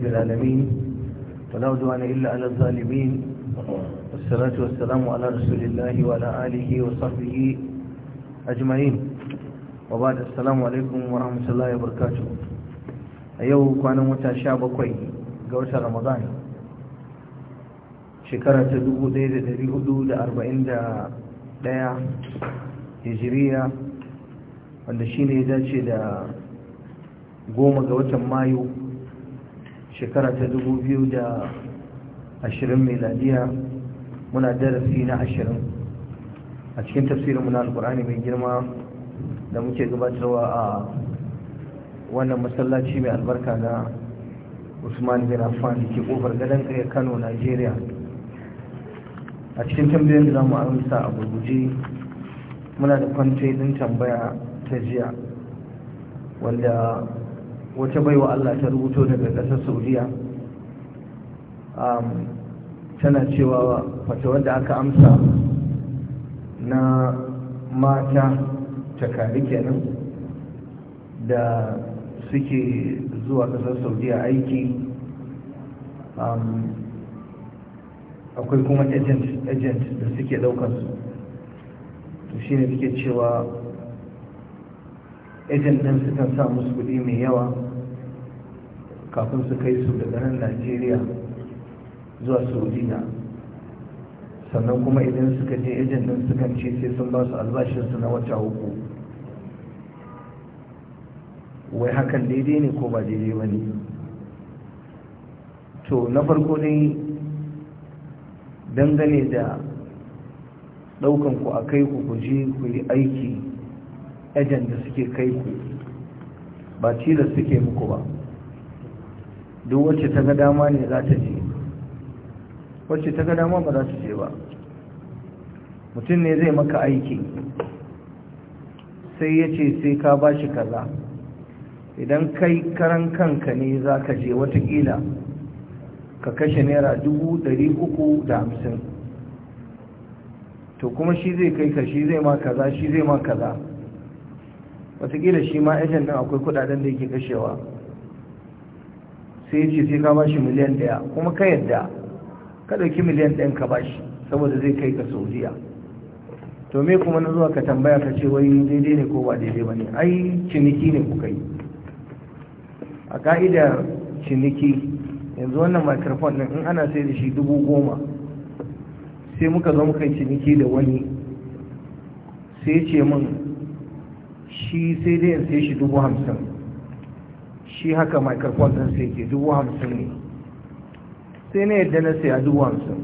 للعالمين ولا عدوان إلا على الظالمين والصلاة والسلام على رسول الله وعلى آله وصحبه أجمعين وبعد السلام عليكم ورحمة الله وبركاته أيها كان متشابه كوي قوش رمضان شكرا تدوه دير دي حدود أربعين دا دايا هجرية wanda shi ne ya dace da goma ga shekara ta da 2020 miladiya muna darasi na 20 a cikin tafsirin muna alkur'ani mai girma da muke gabatarwa a wannan masallaci mai albarka na usman bin affan da ke kofar gadon kare kano nigeria a cikin tambayoyin da za amsa a gurguje muna da kwantai din tambaya ta jiya wanda wata baiwa Allah ta rubuto daga ƙasar saudiya tana cewa wata wadda aka amsa na mata takari kenan da suke zuwa ƙasar saudiya aiki akwai kuma agent da suke ɗaukansu to shi ne suke cewa agent ɗin kan sa musu kuɗi mai yawa kafin su kai su daga nan najeriya zuwa saudiya sannan kuma idan suka je ejin din sukan ce sai sun ba su albashinsu na wata uku wai hakan daidai ne ko ba daidai ba ne to na farko ne dangane da daukan ku a kai ku kuje ku yi aiki ejen da suke kai ku ba tilas suke muku ba duk wacce ta ga dama ne za ta je wacce ta ga dama ba za ta je ba mutum ne zai maka aiki sai ya ce sai ka ba shi kaza idan kai karan kanka ne za ka je watakila ka kashe naira dubu dari uku da hamsin to kuma shi zai kai ka shi zai ma kaza shi zai ma kaza watakila shi ma ejen nan akwai kudaden da yake kashewa sai ce sai ka bashi miliyan daya kuma ka yadda ka ɗauki miliyan ɗayan ka bashi saboda zai kai ka saudiya to me kuma na zuwa ka tambaya ka ce wai daidai ne ko ba daidai ba ne ai ciniki ne kuka yi a ka'idar ciniki yanzu wannan microphone ɗin in ana sai da shi dubu goma sai muka zo muka ciniki da wani sai ce min shi sai dai in sai shi dubu hamsin shi haka microphone ɗin sai ke dubu hamsin ne sai na yadda na sai a dubu hamsin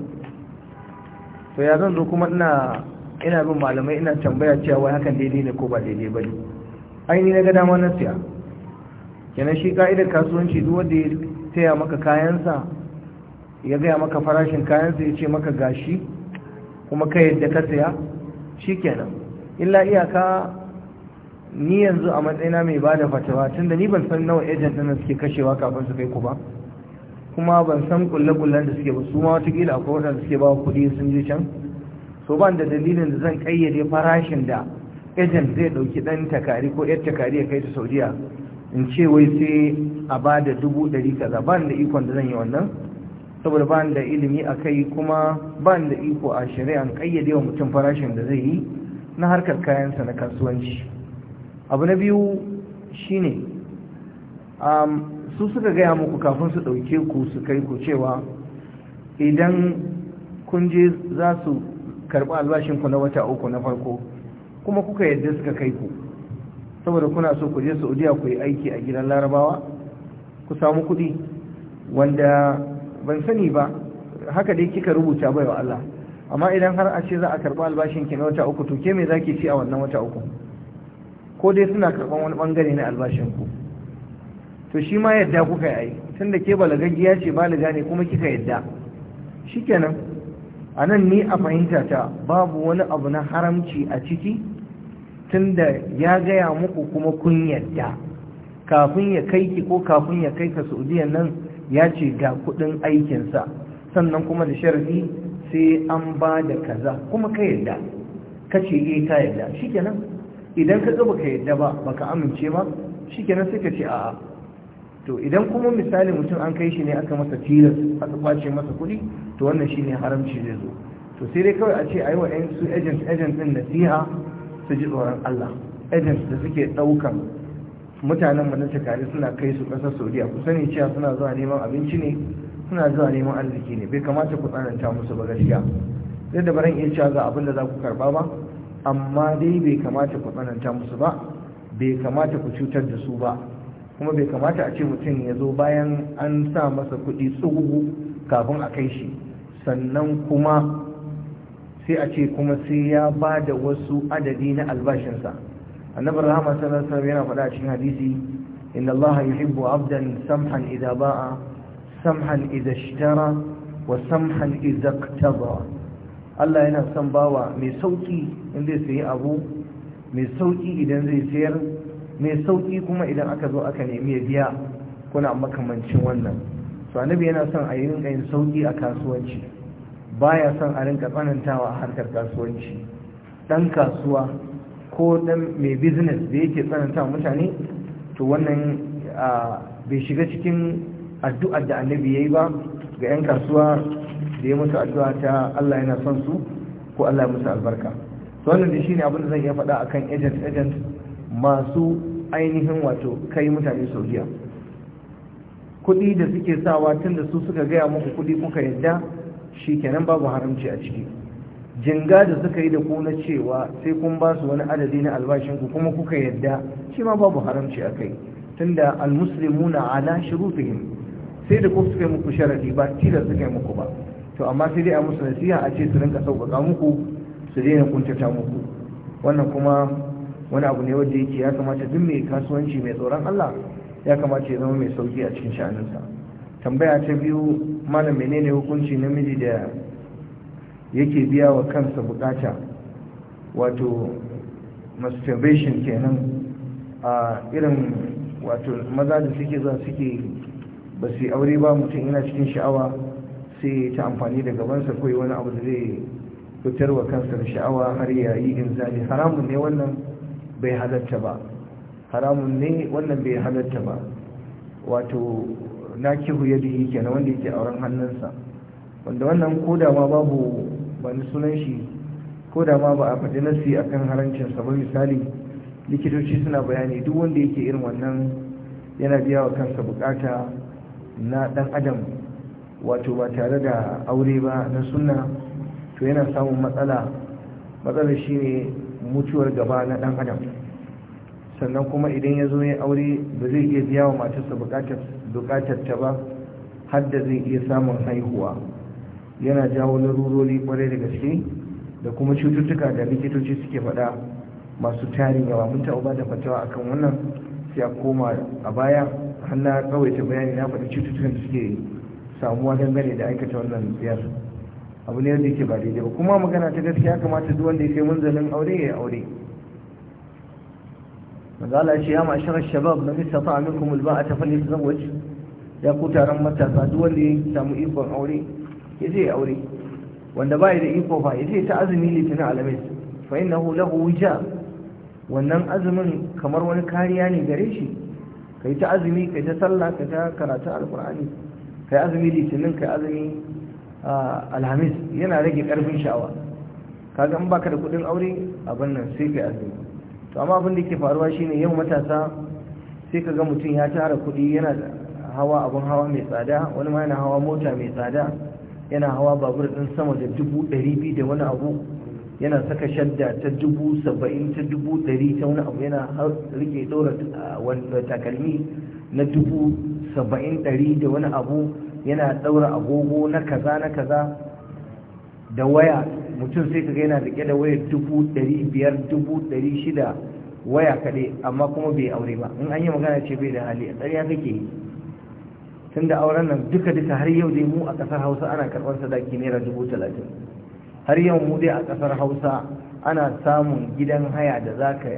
to ya zan zo kuma ina ina bin malamai ina tambaya cewa wai hakan daidai ne ko ba daidai ba ne aini na ga dama na siya kenan shi ka'idar kasuwanci duk wanda ya taya maka kayansa ya gaya maka farashin kayansa ya ce maka gashi kuma ka yadda ka siya shi kenan illa iyaka ni yanzu a matsayina mai ba da fatawa tun da ni ban san nawa agent na suke kashewa kafin su kai ku ba kuma ban san kulle-kullen da suke ba su ma wata watakila akwai wadanda suke ba kuɗi sun je can so ban da dalilin da zan kayyade farashin da agent zai ɗauki ɗan takari ko yar takari ya kai ta saudiya in ce wai sai a ba da dubu ɗari kaza ban da ikon da zan yi wannan saboda ban da ilimi a kai kuma ban da iko a shari'an kayyade wa mutum farashin da zai yi na harkar kayansa na kasuwanci abu na biyu shi ne, um, su suka gaya muku kafin su ɗauke ku su kai ku cewa idan kun je za su karɓi albashinku na wata uku na farko kuma kuka yadda suka kai ku saboda kuna so ku je saudiya ku yi aiki a gidan larabawa ku samu kuɗi wanda ban sani ba haka dai kika rubuta bai wa Allah amma idan har a ce za a karɓi albashinki na wata uku to ke me za ki ci a wannan wata uku ko dai suna karɓan wani ɓangare na albashin ku to shi ma yadda kuka yi tun da ke balagaggiya ce balaga ne kuma kika yadda shikenan a nan ni a fahimta ta babu wani abu na haramci a ciki Tunda ya gaya muku kuma kun yadda kafin ya kai ki ko kafin ya kai ka saudiyan nan ya ce ga kudin aikinsa sannan kuma da sharadi sai an ba da kaza kuma ka yadda ka ce eh, ka yadda shikenan idan ka ga baka yadda ba baka amince ba shikenan sai ka ce a'a to idan kuma misali mutum an kai shi ne aka masa tilas aka kwace masa kuɗi to wannan shi ne haramci zai zo to sai dai kawai a ce ayi wa ɗan su agent agent din nasiha su ji tsoron Allah Ejent da suke ɗaukan mutanen mu na shekari suna kai su ƙasar Saudiya ku sani cewa suna zuwa neman abinci ne suna zuwa neman arziki ne bai kamata ku tsananta musu ba gaskiya duk da baran iya cewa ga abin da za ku karɓa ba amma dai bai kamata ku tsananta musu ba bai kamata ku cutar da su ba kuma bai kamata a ce mutum ya zo bayan an sa masa kuɗi tsohu kafin a kai shi sannan kuma sai a ce kuma sai ya ba da wasu adadi na albashinsa annabi rahama sallallahu alaihi yana faɗa a cikin hadisi inna allaha yuhibbu abdan samhan idza ba'a samhan idza wa samhan idza iqtada Allah yana son bawa mai sauki in zai sayi abu mai sauki idan zai sayar mai sauki kuma idan aka zo aka nemi ya biya kuna makamancin wannan to annabi yana son a yi rinka yin sauki a kasuwanci baya son a rinka tsanantawa a harkar kasuwanci ɗan kasuwa ko dan mai business da yake tsanantawa mutane to wannan ah, bai shiga cikin addu'ar da annabi yi ba ga 'yan kasuwa da ya musu addu'a ta Allah yana son su ko Allah ya musu albarka to wannan da shine abin da zan iya faɗa akan agent agent masu ainihin wato kai mutane soyayya kuɗi da suke sawa tun da su suka gaya muku kuɗi kuka yadda shi kenan babu haramci a ciki jinga da suka yi da ku na cewa sai kun ba su wani adadi na albashinku kuma kuka yadda shi ma babu haramci a kai tunda almuslimuna ala shurutihim sai da ku suka yi muku sharadi ba tilas suka yi muku ba to amma sai dai a musu nasiha a ce su rinka sauƙaƙa muku su daina kuntata muku wannan kuma wani abu ne wanda yake ya kamata duk mai kasuwanci mai tsoron Allah ya kamata ya zama mai sauki a cikin sha'aninsa tambaya ta biyu malam menene hukunci namiji da yake biya wa kansa bukata wato masturbation kenan a irin wato maza da suke zuwa suke ba su aure ba mutum yana cikin sha'awa sai ta amfani da gabansa ko wani abu da zai fitarwa kansa da sha'awa har ya yi inzali haramun ne wannan bai halatta ba haramun ne wannan bai halatta ba wato na kihu yadda yi kenan wanda yake auren hannunsa wanda wannan koda ma babu wani sunan shi koda ma ba a faɗi nasi akan harancinsa ba misali likitoci suna bayani duk wanda yake irin wannan yana biya wa kansa bukata na dan adam wato ba tare da aure ba na suna to yana samun matsala matsalar shi ne mutuwar gaba na ɗan adam sannan kuma idan ya zo ya aure ba zai iya biya wa matarsa bukatar ta ba har da zai iya samun haihuwa yana jawo larurori kwarai da gaske da kuma cututtuka da likitoci suke faɗa masu tarin yawa mun taɓa ba da fatawa akan wannan sai a koma a baya har na ta bayani na faɗi cututtukan da suke samuwa dangane da aikata wannan biyar abu ne wanda yake ba daidai ba kuma magana ta gaskiya kamata duk wanda ya kai munzalin aure ya aure magana Allah ya ce ya ma'ashara shabab man istata'a minkum alba'ata falyatazawwaj ya ku taron matasa duk wanda ya samu ikon aure ya je aure wanda ba da iko fa ya je ta azumi litinin alamis fa na lahu wija wannan azumin kamar wani kariya ne gare shi kai ta azumi kai ta sallah kai ta karatu alkur'ani kai azumi litinin kai azumi alhamis yana rage karfin sha'awa kaga in baka da kudin aure abin nan sai kai azumi to amma abin da ke faruwa shine yau matasa sai ka ga mutum ya tara kudi yana hawa abin hawa mai tsada wani ma yana hawa mota mai tsada yana hawa babur din sama da dubu ɗari biyu da wani abu yana saka shadda ta dubu saba'in ta dubu ɗari ta wani abu yana rike ɗora takalmi na dubu saba'in ɗari da wani abu yana ɗaura agogo na kaza na kaza da waya mutum sai kaga yana rike da waya dubu ɗari biyar dubu ɗari shida waya kaɗai amma kuma bai aure ba in an yi magana ce bai da hali a tsariya kake yi tun da auren nan duka duka har yau dai mu a ƙasar hausa ana karɓar sadaki naira dubu talatin har yau mu dai a ƙasar hausa ana samun gidan haya da za ka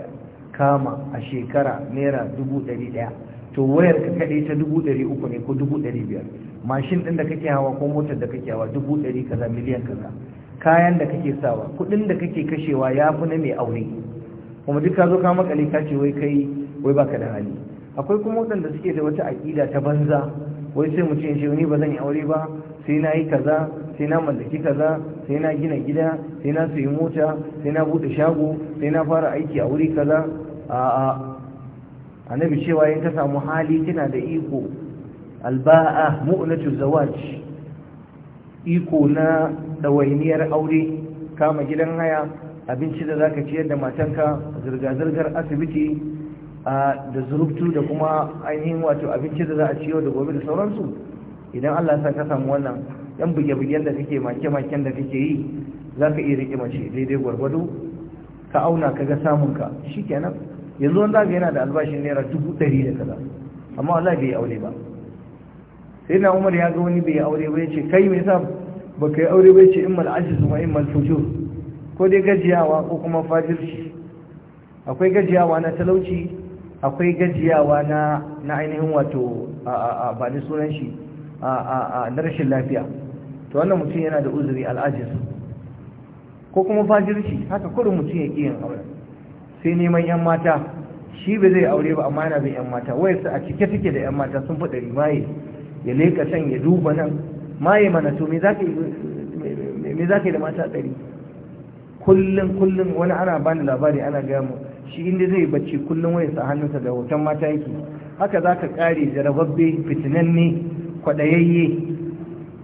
kama a shekara naira dubu ɗari ɗaya to wayar ka kaɗai ta dubu ɗari uku ne ko dubu ɗari biyar mashin ɗin da kake hawa ko motar da kake hawa dubu ɗari kaza miliyan kaza kayan da kake sawa kuɗin da kake kashewa ya fi na mai aure kuma duk ka zo ka makale ka ce wai kai wai baka da hali akwai kuma waɗanda suke da wata aƙida ta banza wai sai mu ce ni ba zan yi aure ba sai na yi kaza sai na mallaki kaza sai na gina gida sai na sayi mota sai na buɗe shago sai na fara aiki a wuri kaza a'a annabi cewa in ka samu hali kina da iko alba'a mu'natu zawaj iko na dawainiyar aure kama gidan haya abinci da zaka ciyar da matanka zirga-zirgar asibiti da zurubtu da kuma ainihin wato abinci da za a ciyo da gobe da sauransu idan Allah ya ka samu wannan yan buge-bugen da kake make-maken da kake yi za ka iya rike mace daidai gwargwado ka auna ka ga samunka shikenan yanzu wanda ga yana da albashin naira dubu ɗari da kaza amma wallahi bai aure ba sai na umar ya ga wani bai aure ba ya ce kai me yasa ba kai aure ba ya ce immal ajiz in mal fujur ko dai gajiyawa ko kuma fajirci akwai gajiyawa na talauci akwai gajiyawa na na ainihin wato a ba da sunan shi a na rashin lafiya to wannan mutum yana da uzuri al'ajiz ko kuma fajirci haka kurin mutum ya ƙi yin aure sai neman yan mata shi ba zai aure ba amma yana bin yan mata wayarsa a cike take da yan mata sun faɗa maye ya leka can ya duba nan maye mana to me za ka yi da mata ɗari kullum kullum wani ana bani labari ana gaya mu shi inda zai bacci kullum wayarsa a hannunsa da hoton mata yake haka za ka ƙare jarababbe fitinanne kwaɗayayye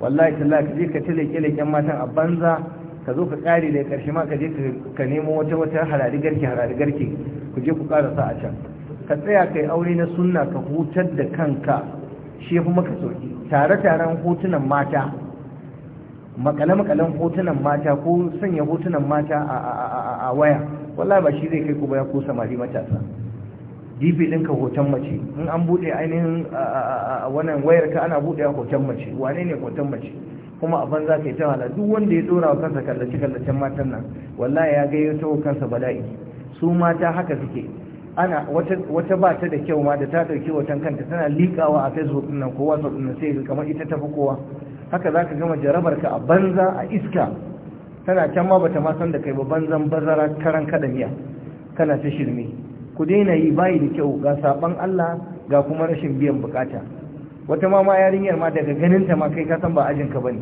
wallahi tallafi zai ka tilake leken matan a banza ka zo ka ƙare da ƙarshe ma ka je ka nemo wata wata harari garke harari garke ku je ku ƙarasa a can ka tsaya kai aure na sunna ka hutar da kanka shi fi maka sauki tare taren hotunan mata makale makalen hotunan mata ko sanya hotunan mata a waya wallahi ba shi zai kai ku baya ko samari matasa jibi ɗinka hoton mace in an buɗe ainihin wannan wayar ka ana buɗe hoton mace wane ne hoton mace kuma a banza yi ta wahala duk wanda ya dora wa kansa kallace kallacen matan nan wallahi ya gayyo ta kansa bala'i su mata haka suke ana wata wata ba ta da kyau ma da ta dauki watan kanta tana likawa a Facebook din nan ko WhatsApp din sai kamar ita tafi kowa haka zaka gama jarabar ka a banza a iska tana can ma bata ma san da kai ba banzan bazara karan miya. kana ta shirme ku daina yi bayi da kyau ga saban Allah ga kuma rashin biyan bukata wata ma ma yarinyar ma daga ganin ta ma kai ka san ba ajin ka bane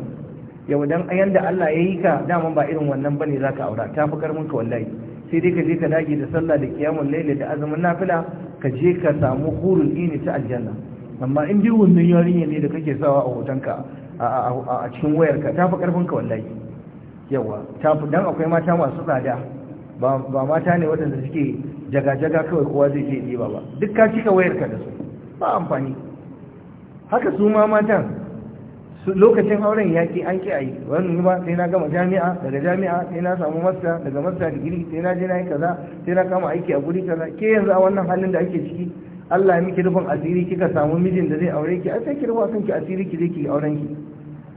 yau dan ayan Allah ya yi ka daman ba irin wannan bane zaka aura ta fi karmin ka wallahi sai dai ka je ka dage da sallah da kiyamul laili da azumin nafila ka je ka samu hurul ini ta aljanna amma in dai wannan yarinyar ne da kake sawa a hotonka a cikin wayarka ta fi karfin ka wallahi yawa ta fi dan akwai mata masu tsada ba mata ne waɗanda suke jaga-jaga kawai kowa zai ke ɗiba ba duk ka cika wayarka da su ba amfani haka su ma matan lokacin auren yaƙi an ƙi a yi wani ba sai na gama jami'a daga jami'a sai na samu masta daga masta digiri sai na je yi kaza sai na kama aiki a guri kaza ke yanzu a wannan halin da ake ciki Allah ya miki rufin asiri kika samu mijin da zai aure ki ai sai ki rufa ki asiri ki je ki auren ki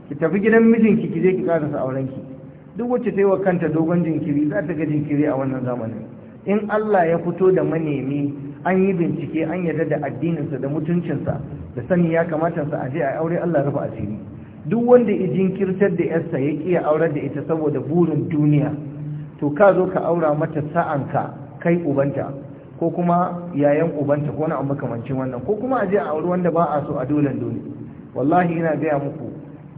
ki tafi gidan mijinki ki je ki sa auren ki duk wacce ta yi wa kanta dogon jinkiri za ta ga jinkiri a wannan zamanin in Allah ya fito da manemi an yi bincike an yarda da addininsa da mutuncinsa da sani ya kamata a je a aure Allah rufa asiri duk wanda ya jinkirtar da yarsa ya kiya aurar da ita saboda burin duniya to ka zo ka aura mata sa'anka kai ubanta ko kuma yayan ubanta ko na amma kamancin wannan ko kuma a a aure wanda ba a so a dolan dole wallahi ina gaya muku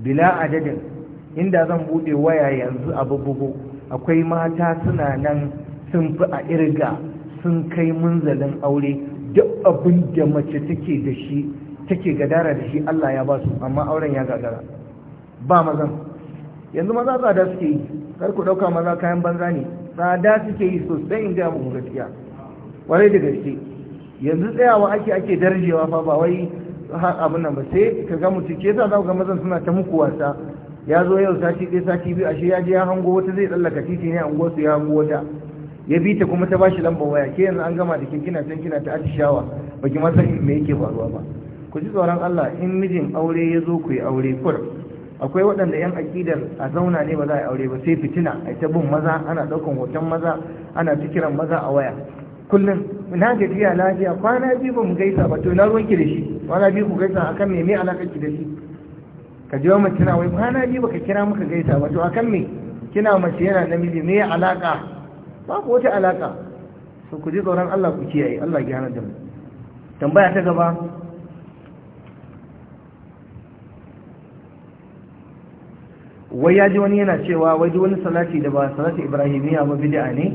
bila adadin inda zan bude waya yanzu a bubugo akwai mata suna nan sun fi a irga sun kai munzalin aure duk abin da mace take da shi take gadara da shi Allah ya ba su amma auren ya gagara ba mazan yanzu maza tsada suke yi kar ku dauka maza kayan banza ne tsada suke yi sosai in ga mu gaskiya ware da gaske yanzu tsayawa ake ake darajewa fa ba wai abin nan ba sai ka ga mutum ke za ga mazan suna ta muku wasa ya zo yau sati ɗaya sati biyu ashe ya je ya hango wata zai tsallaka titi ne a unguwarsu ya hango wata ya bi ta kuma ta bashi lambar waya ke yanzu an gama da ke kina can kina ta atishawa ba ki masa me yake faruwa ba ku ji tsoron Allah in mijin aure ya zo ku yi aure kur akwai waɗanda yan akidar a zauna ne ba za a yi aure ba sai fitina a ta bin maza ana ɗaukan hoton maza ana ta kiran maza a waya kullum na gajiya lafiya kwana biyu ba mu gaisa ba to na ki da shi kwana biyu ku gaisa akan me me alaƙar ki da shi ka ji wa mace wai kwana biyu baka kira muka gaisa ba to akan me kina mace yana namiji me alaka babu wata alaka so ku ji tsoron Allah ku kiyaye Allah ya hana da mu tambaya ta gaba wai ya ji wani yana cewa wai duk wani salati da ba salati ibrahimiya ba bid'a ne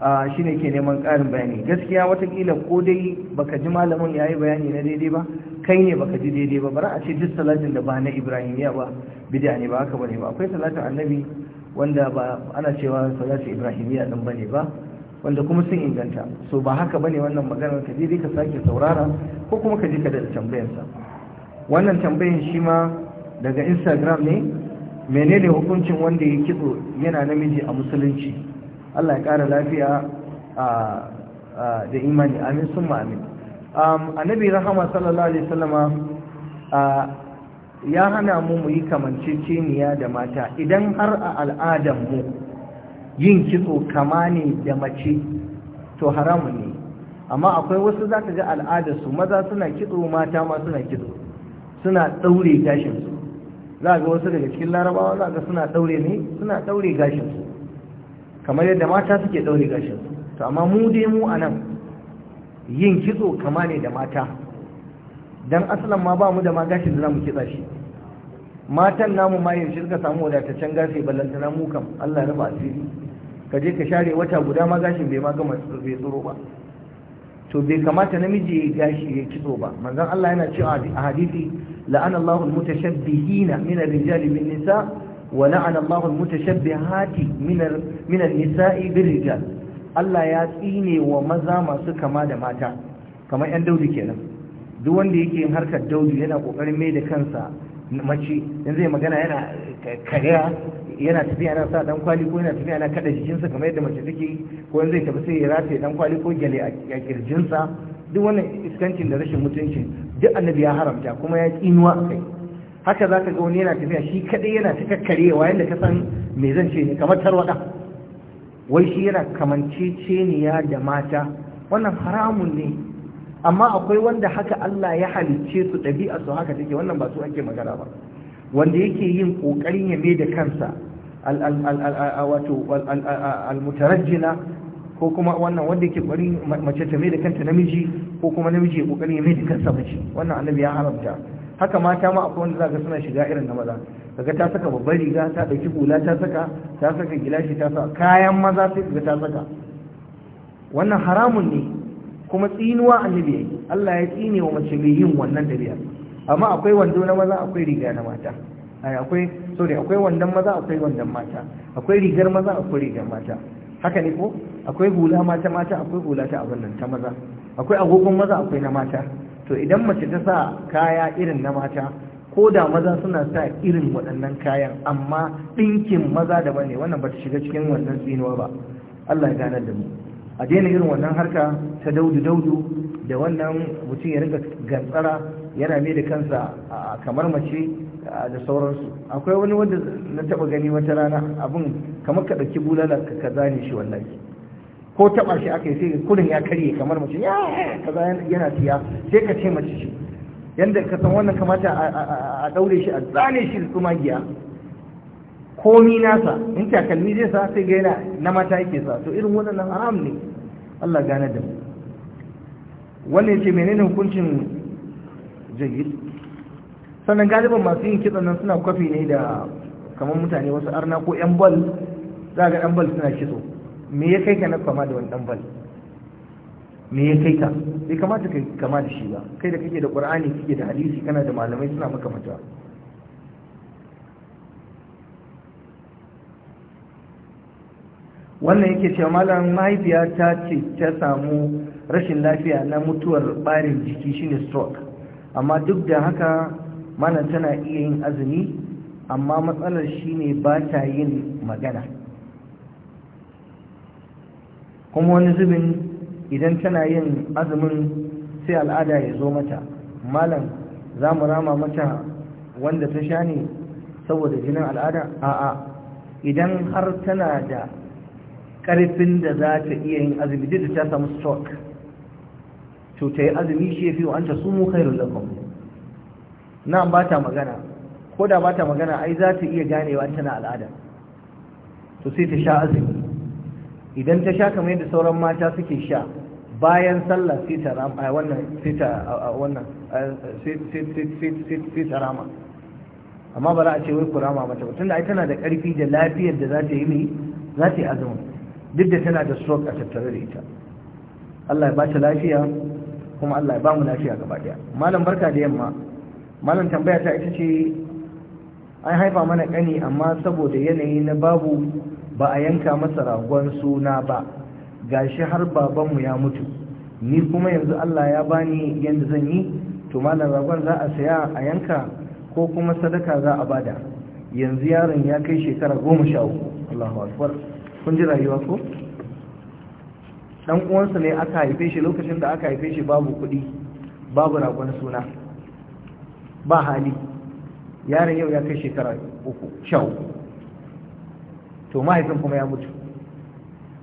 a shine ke neman ƙarin bayani gaskiya watakila ko dai baka ji malamin yi bayani na daidai ba kai ne baka ji daidai ba bara a ce duk salatin da ba na ibrahimiya ba bid'a ne ba haka bane ba akwai salatin annabi wanda ba ana cewa salatu ibrahimiyya din bane ba wanda kuma sun inganta so ba haka bane wannan maganar ka je ka sake saurara ko kuma ka je ka da tambayar wannan tambayin shi ma daga Instagram ne menene hukuncin wanda ya kitso yana namiji a musulunci Allah ya kara lafiya a da imani amin summa amin annabi rahama sallallahu alaihi wasallama ya hana mu mu yi kamanceceniya da mata idan har a al'adar mu yin kitso kama ne da mace to haramu ne amma akwai wasu za ka ga al'adarsu maza suna kitso mata ma suna kitso suna ɗaure gashinsu za ga wasu daga cikin larabawa za ga suna ɗaure ne suna ɗaure gashinsu kamar yadda mata suke ɗaure gashinsu to amma mu dai mu a nan yin kitso kama ne da mata dan asalin ma ba mu da ma gashin da zamu kitsa shi matan namu ma yaushe suka samu wadataccen gashi ballanta mu kam Allah ya asiri ka je ka share wata guda ma gashin bai ma bai tsoro ba to bai kamata namiji ya gashi ya kitso ba manzon Allah yana cewa a hadisi la'ana Allahu al-mutashabbihina min ar-rijali bin nisa wa la'ana Allahu al-mutashabbihati min min an-nisa'i bir rijal Allah ya tsine wa maza masu kama da mata kamar yan daudi kenan duk wanda yake yin harkar daudu yana kokarin mai da kansa mace yanzu zai magana yana kariya yana tafiya na sa dan kwali ko yana tafiya na kada jikinsa kamar yadda mace take ko yanzu zai tafi sai ya rataye dan kwali ko gyale a kirjinsa duk wannan iskancin da rashin mutunci duk annabi ya haramta kuma ya kinuwa a kai haka ka ga wani yana tafiya shi kadai yana ta kakkarewa yanda ka san me zan ce ne kamar tarwada wai shi yana kamanceceniya da mata wannan haramun ne amma akwai wanda haka Allah ya halicce su ɗabi'a su haka take wannan ba su ake magana ba wanda yake yin ƙoƙarin ya mai da kansa al-mutarajjina ko kuma wannan wanda yake ƙoƙarin mace ta da kanta namiji ko kuma namiji ya ƙoƙarin ya mai da kansa mace wannan annabi ya haramta haka mata ma akwai wanda zaka suna shiga irin na maza kaga ta saka babbar riga ta ɗauki hula ta saka ta saka gilashi ta saka kayan maza sai kaga ta saka wannan haramun ne kuma tsinuwa annabi yayi Allah ya tsine wa mace mai yin wannan dabi'a amma akwai wando na maza akwai riga na mata ai akwai sorry akwai wandon maza akwai wandon mata akwai rigar maza akwai rigar mata haka ne ko akwai hula mata mata akwai hula ta abin nan ta maza akwai agogon maza akwai na mata to idan mace ta sa kaya irin na mata ko da maza suna sa irin waɗannan kayan amma ɗinkin maza daban ne wannan ba ta shiga cikin wannan tsinuwa ba Allah ya ganar da mu a daina irin wannan harka ta daudu daudu da wannan mutum ya rinka gantsara yana mai da kansa kamar mace da sauransu akwai wani wanda na taba gani wata rana abin kamar ka ɗauki bulala ka zane shi wannan. ko taba shi aka yi sai kudin ya karye kamar mace ya kaza yana tiya sai ka ce mace shi yadda ka san wannan kamata a daure shi a zane shi da tsumagiya komi nasa in takalmi zai sa sai ga yana na mata yake sa to irin wannan haram ne Allah gane da mu wannan ce menene hukuncin jayyid sannan galiban masu yin kitsan nan suna kwafi ne da kamar mutane wasu arna ko yan bal za ga dan bal suna kitso me ya kai ka na kama da wani bal me ya kai ka bai kamata ka kama da shi ba kai da kake da qur'ani kake da hadisi kana da malamai suna maka mutuwa wannan yake cewa malam mahaifiya ta ce ta samu rashin lafiya na mutuwar barin jiki shine stroke amma duk da haka malam tana iya yin azumi amma matsalar shine ba ta yin magana kuma wani zubin idan tana yin azumin sai al'ada ya zo mata malam za mu rama mata wanda ta sha ne saboda jinin al'ada a'a idan har tana da karfin da za ta iya yin azumi duk da ta samu stroke to ta yi azumi shi ya fi wa'anta su mu kai lakum na ba ta magana ko da ba ta magana ai za ta iya ganewa tana al'ada to sai ta sha azumi idan ta sha kamar yadda sauran mata suke sha bayan sallah sai ta rama wannan sai ta wannan sai ta rama amma ba za a ce wai ku rama mata tunda ai tana da ƙarfi da lafiyar da za ta yi mai za ta yi azumin duk da tana da stroke a tattare da ita Allah ya ba ta lafiya kuma Allah ya ba mu lafiya gaba daya malam barka da yamma malam tambaya ta ita ce an haifa mana kani amma saboda yanayi na babu ba a yanka masa ragon suna ba gashi har baban mu ya mutu ni kuma yanzu Allah ya bani yanda zan yi to malam ragon za a saya a yanka ko kuma sadaka za a bada yanzu yaron ya kai shekara goma Allahu akbar kun ji rayuwa ko dan uwansa ne aka haife shi lokacin da aka haife shi babu kuɗi babu ragon suna ba hali yaron yau ya kai shekara uku shau to mahaifin kuma ya mutu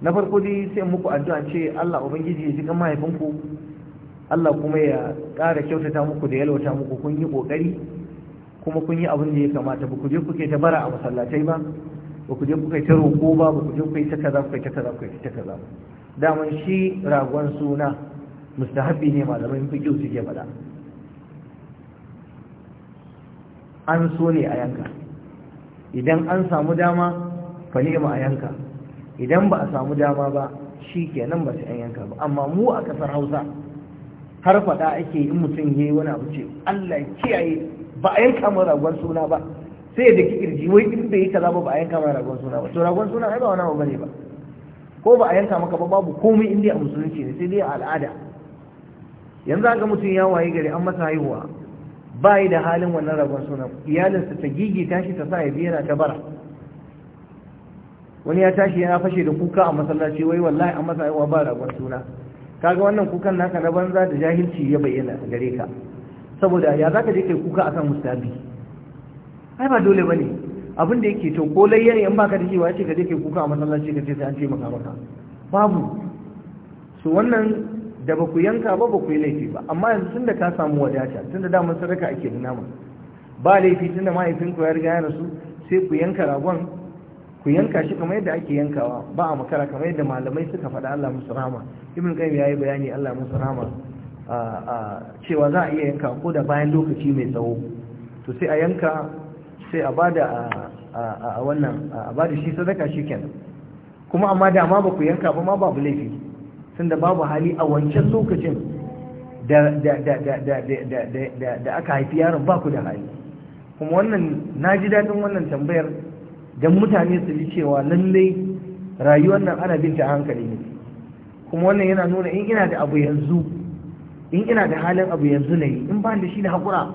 na farko dai sai muku addu'a ce Allah ubangiji ya ji kan mahaifinku Allah kuma ya ƙara kyautata muku da yalwata muku kun yi ƙoƙari kuma kun yi abin da ya kamata ba ku je kuke ta bara a masallatai ba ba ku je kuka kai ta roƙo ba ba ku je ku yi ta kaza ku yi ta kaza ku yi ta kaza daman shi ragon suna mustahabi ne malamin kyau suke faɗa an so ne a yanka idan an samu dama fa nema a yanka idan ba a samu dama ba shi kenan ba su an yanka ba amma mu a ƙasar hausa har faɗa ake in mutum ya yi wani abu ce allah kiyaye ba a yanka mu ragon suna ba sai ya daki kirji wai in bai yi kaza ba ba a yanka mai ragon suna ba to ragon suna ai ba wani abu bane ba ko ba a yanka maka ba babu komai in dai a musulunci ne sai dai a al'ada yanzu aka mutum ya waye gari an masa haihuwa ba yi da halin wannan ragon suna iyalinsa ta gigi tashi ta sa ya biyana ta bara wani ya tashi yana fashe da kuka a masallaci wai wallahi an masa haihuwa ba ragon suna kaga wannan kukan naka na banza da jahilci ya bayyana gare ka saboda ya zaka je kai kuka akan mustabi ai ba dole bane abin da yake to ko layyar in baka da shi wa ce ka je kai kuka a masallaci ka ce sai an ce maka maka babu so wannan da ba ku yanka ba ba ku yi laifi ba amma yanzu tun da ka samu wadata tun da damar sadaka ake da nama ba laifi tun da ku ya riga ya rasu sai ku yanka ragon ku yanka shi kamar yadda ake yankawa ba a makara kamar yadda malamai suka faɗa Allah musu rahama ibn qayyim yayi bayani Allah musu rahama cewa za a iya yanka ko da bayan lokaci mai tsawo to sai a yanka sai a bada a wannan a bada shi sadaka shi kenan kuma amma da ma ba ku yanka ba ma babu laifi sanda babu hali a wancan lokacin da aka haifi yaron baku da hali kuma wannan na ji daɗin wannan tambayar don mutane su ji cewa lallai rayuwar nan ana binta hankali ne kuma wannan yana nuna in ina da abu yanzu in ina da halin abu yanzu na in ba da shi da haƙura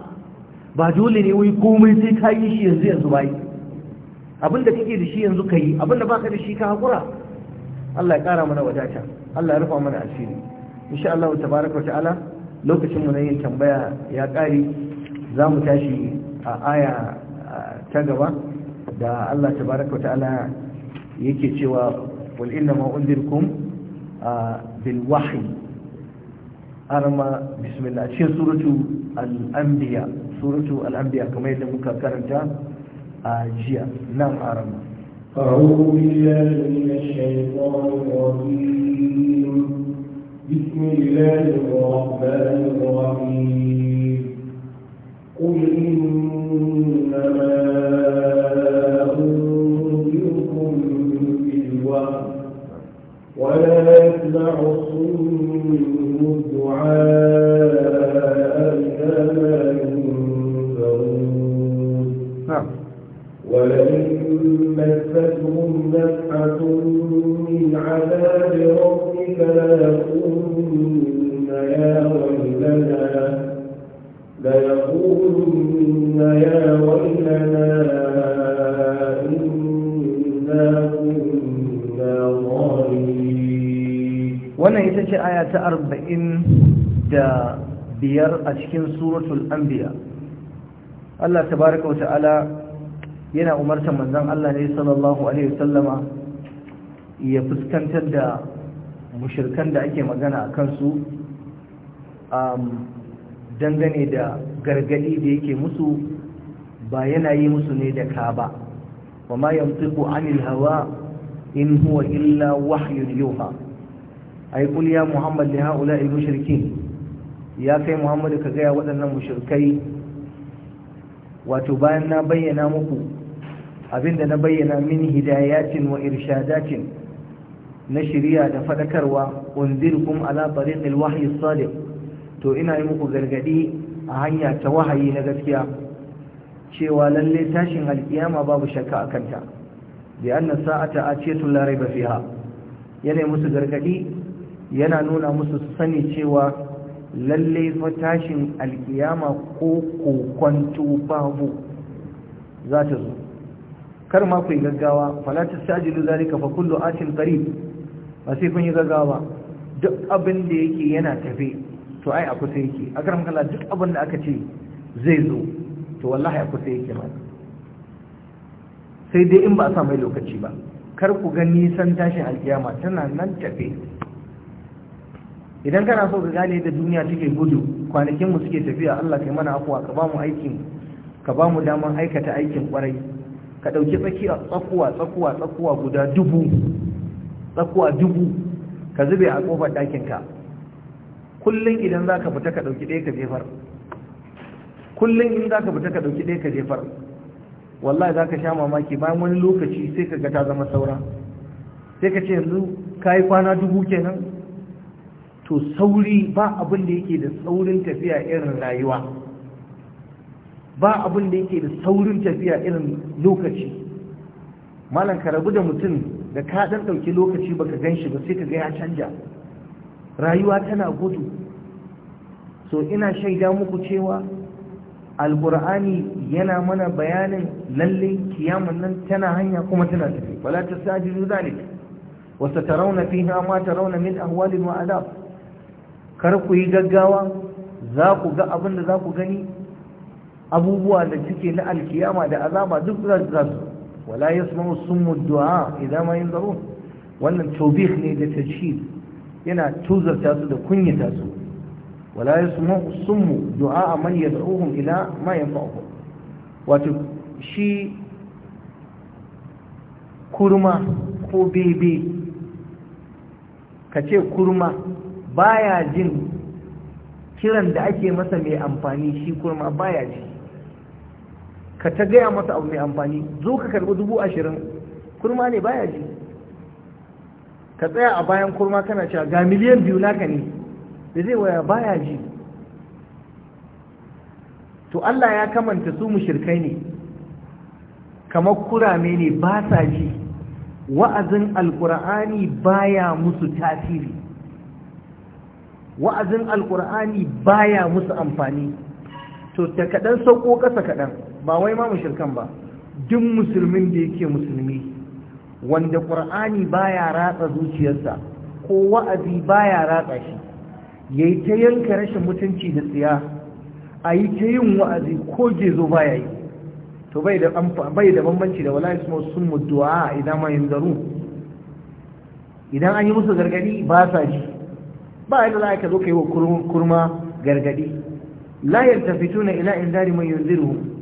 ba dole ne wai komai sai ka yi shi yanzu yanzu bai abin da kake da shi yanzu ka yi abin da baka da shi ka hakura Allah ya kara mana wadata Allah ya rufa mana asiri insha Allah tabaraka ta'ala lokacin mu na yin tambaya ya kare za mu tashi a aya ta gaba da Allah tabaraka ta'ala yake cewa wal inna ma undirkum bil wahyi arma bismillah cikin suratu al-anbiya سوره الانبياء كما kamar yadda اجيا نعم ارم أعوذ بالله من الشيطان الرجيم بسم الله الرحمن الرحيم قل إنما أنذركم بالوحي ولا يسمع الصم الدعاء ولئن مستهم نفحة من عذاب ربك ليقولن يا ويلنا ليقولن يا ويلنا إنا كنا ظالمين wannan ita ce aya ta arba'in da biyar a cikin suratul anbiya Allah tabaraka wa ta'ala yana umarta manzon Allah ne sallallahu alaihi wasallama ya fuskantar da mushirkan da ake magana a kansu um, dangane da gargadi da yake musu ba yana yi musu ne da ka ba wa ma yamtiku anil hawa in huwa illa wahyun yuha ay qul ya muhammad li haula'i mushrikin ya kai muhammad ka ga waɗannan mushrikai wato bayan na bayyana muku abinda na bayyana min hidayatin wa irshadatin na shiriya da fadakarwa unzirkum ala tariqil wahyi as to ina yi muku gargadi a hanya ta wahayi na gaskiya cewa lalle tashin alkiyama babu shakka akan ta bi anna sa'ata atiyatu la rayba fiha yana musu gargadi yana nuna musu sani cewa lalle fa tashin alkiyama ko kokonto babu za ta zo kar ma ku yi gaggawa fala tastajilu zalika fa kullu atin qarib ba sai kun yi gaggawa duk abin da yake yana tafe to ai a kusa yake akram kala duk abin da aka ce zai zo to wallahi a kusa yake ma sai dai in ba a sa mai lokaci ba kar ku ga nisan tashin alkiyama tana nan tafe idan kana so ka gane da duniya take gudu kwanakin mu suke tafiya Allah kai mana afuwa ka ba mu aikin ka ba mu daman aikata aikin kwarai ka ɗauki tsakiya tsakuwa tsakuwa tsakuwa guda dubu tsakuwa dubu ka zube a ƙofar ɗakinka kullum idan za ka fita ka ɗauki ɗaya ka jefar kullum in za ka fita ka ɗauki ɗaya ka jefar wallahi za ka sha mamaki bayan wani lokaci sai ka ga ta zama saura sai ka ce yanzu ka yi kwana dubu kenan to sauri ba abin da yake da saurin tafiya irin rayuwa ba abin da yake da saurin tafiya irin lokaci malam ka rabu da mutum da ka dan dauki lokaci baka shi ba sai ka ga ya canja rayuwa tana gudu so ina shaida muku cewa alqur'ani yana mana bayanin lalle kiyaman nan tana hanya kuma tana tafi wala tasajidu zalik wa satarawna fiha ma tarawna min ahwalin wa adab kar ku yi gaggawa za ku ga abin da za ku gani abubuwa da suke na alkiyama da azaba duk za su wala yasma'u sumu du'a idan ma zaro? wannan tawbih ne da tajhid yana tuzarta su da kunyata su wala yasma'u sumu du'a man yad'uhum ila ma yanfa'uhum wato shi kurma ko bebe ka ce kurma baya jin kiran da ake masa mai amfani shi kurma baya jin. ka ta gaya masa abu mai amfani zo ka karbi dubu ashirin kurma ne baya ji ka tsaya a bayan kurma kana cewa ga miliyan biyu naka ne da zai waya baya ji to Allah ya kamanta su mushirkai ne kamar kurame ne ba sa ji wa'azin alkur'ani baya musu tasiri wa'azin alkur'ani baya musu amfani to ta kaɗan sauko ƙasa kaɗan ba wai ma mushirkan ba duk musulmin da yake musulmi wanda ƙur'ani baya ratsa zuciyarsa ko wa'azi baya ratsa shi yayi ta yanka rashin mutunci da tsiya a yi ta yin wa'azi ko gezo baya yi to bai da bai da bambanci da wala ismu sun muddu'a idan ma yanzaru idan an yi musu gargadi ba sa ji ba yadda za ka zo ka yi wa kurma gargadi la yaltafituna ila indari man yunziruhum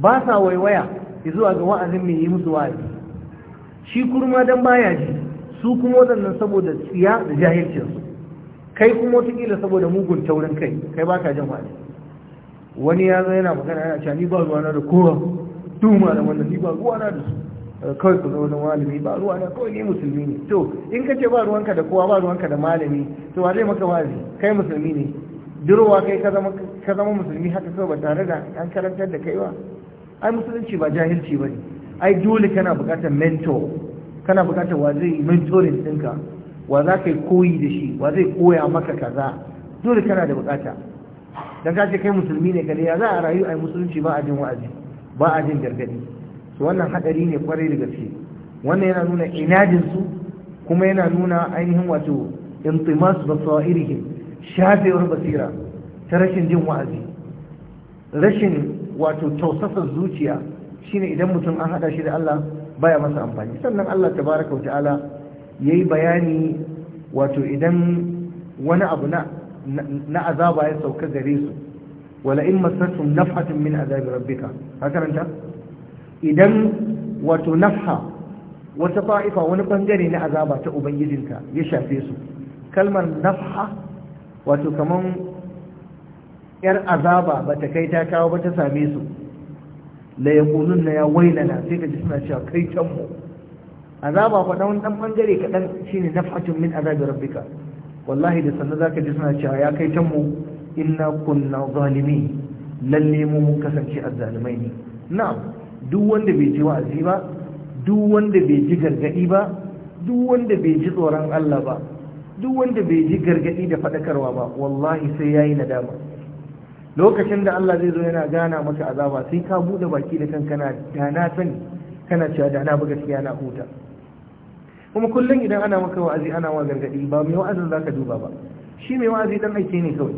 ba sa waiwaya zuwa ga wa'azin mai yi musu wa'azi shi kurma don baya ji su kuma waɗannan saboda tsiya da jahilcinsu kai kuma watakila saboda mugun taurin kai kai ka jan wa'azi wani ya zai yana magana yana cewa ni ba ruwana da kowa duma da wannan ni ba ruwana da su kawai ku zaune malami ba na kawai ni musulmi ne to in ka ce ba ruwanka da kowa ba ruwanka da malami to wa zai maka wa'azi kai musulmi ne durowa kai ka zama musulmi haka kawai ba tare da an karantar da kai ba ai musulunci ba jahilci ba ne. ai dole kana buƙatar mentor kana bukatar wa zai mentorin ɗinka wa za ka yi koyi da shi wa zai koya maka kaza dole kana da bukata dan ka kai musulmi ne kare ya za a rayu ai musulunci ba a jin wa'azi ba a jin gargadi to wannan haɗari ne kwarai da gaske wannan yana nuna inajinsu su kuma yana nuna ainihin wato intimas basairihim shafewar basira ta rashin jin wa'azi rashin wato tausasa zuciya shine idan mutum an hada shi da Allah baya masa amfani sannan Allah tabaraka ta'ala yayi bayani wato idan wani abu na na azaba ya sauka gare su wala in masatum nafhatun min azabi rabbika hakaranta idan wato nafha wata fa'ifa wani bangare na azaba ta ubangijinka ya shafe su kalmar nafha wato kaman yar azaba bata kai ta kawo ba ta same su la yaqulun ya wailana sai ka ji suna cewa kai can mu azaba fa dan dan bangare dan shine nafatun min azabi rabbika wallahi da sanna zaka ji suna cewa ya kai can mu inna kunna zalimin lalle mu mun kasance azzalimai ne na'am duk wanda bai ji wa'azi ba duk wanda bai ji gargadi ba duk wanda bai ji tsoron Allah ba duk wanda bai ji gargadi da fadakarwa ba wallahi sai yayi nadama lokacin da Allah zai zo yana gana maka azaba sai ka bude baki da kanka na da na kana cewa da na buga gaskiya na huta kuma kullum idan ana maka wa'azi ana wa gargadi ba mai wa'azin zaka duba ba shi mai wa'azi dan aike ne kawai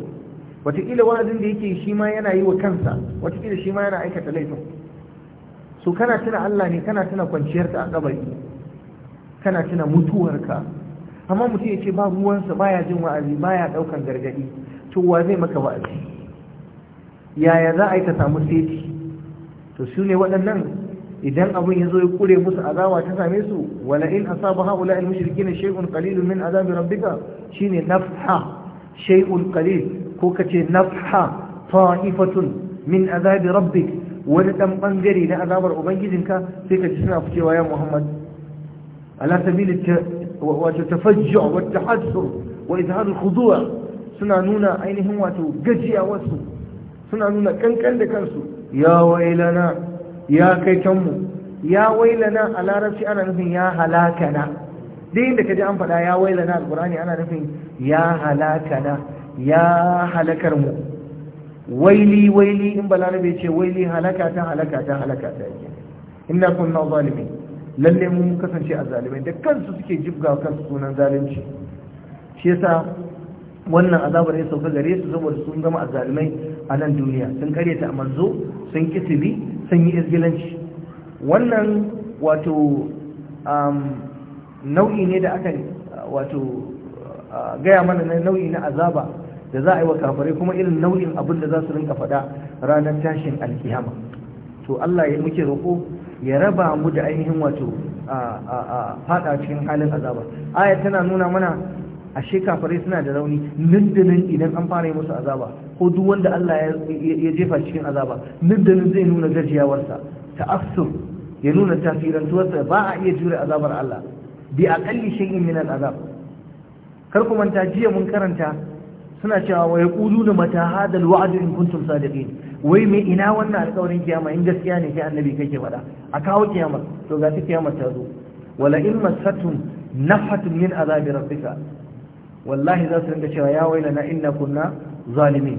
wataƙila wa'azin da yake shi ma yana yi wa kansa wataƙila shi ma yana aikata laifin so kana tuna Allah ne kana tuna ka a kabari kana tuna mutuwarka amma mutum ya ce ba ruwansa baya jin wa'azi baya ɗaukan gargadi to wa zai maka wa'azi yaya za a yi ta samu seti to su ne waɗannan idan abin ya zo ya kure musu azawa ta same su wala in asaba haula al mushrikin shay'un qalilun min azabi rabbika shine nafha shay'un qalil ko kace nafha ta'ifatun min azabi rabbik wani dan bangare na azabar ubangijinka sai ka ji suna ficewa ya muhammad ala sabili wato tafajju wa tahassur wa izhar al khudu' suna nuna ainihin wato gajiya wasu suna nuna kankan da kansu ya wailana ya kai canmu ya wailana a larabci ana nufin ya halakana duk da ka ji an faɗa ya wailana Al-ƙurani ana nufin ya halakana ya halakar mu waili waili in balarabe ce waili halaka ta halaka ta halaka ta yake inna kunna zalimi lalle mun kasance a zalimai da kansu suke jibga kansu sunan zalunci shi yasa wannan azabar ya sauka gare su saboda sun zama azalimai a nan duniya sun karyata manzo sun kisibi sun yi izgilanci wannan wato um, nau'i ne da aka wato uh, gaya mana na nau'i na azaba da za a yi wa kafare kuma irin nau'in abin da za su rinka faɗa ranar tashin alkiyama to Allah ya muke roƙo ya raba mu da ainihin wato a uh, uh, fada cikin halin azaba aya tana nuna mana ashe kafirai suna da rauni nindanin idan an fara musu azaba ko duk wanda Allah ya jefa cikin azaba nindanin zai nuna gajiyawarsa ta'assur ya nuna tasirantuwarsa ba a iya jure azabar Allah bi aqalli shay'in min al'azab kar ku manta jiya mun karanta suna cewa wa yaquluna mata hadal wa'd in kuntum sadiqin wai me ina wannan alƙawarin kiyama in gaskiya ne kai annabi kake faɗa a kawo kiyama to ga ta kiyama ta zo wala in masatum nafatun min azabi rabbika wallahi za su rinka cewa ya waila na inna kunna zalimi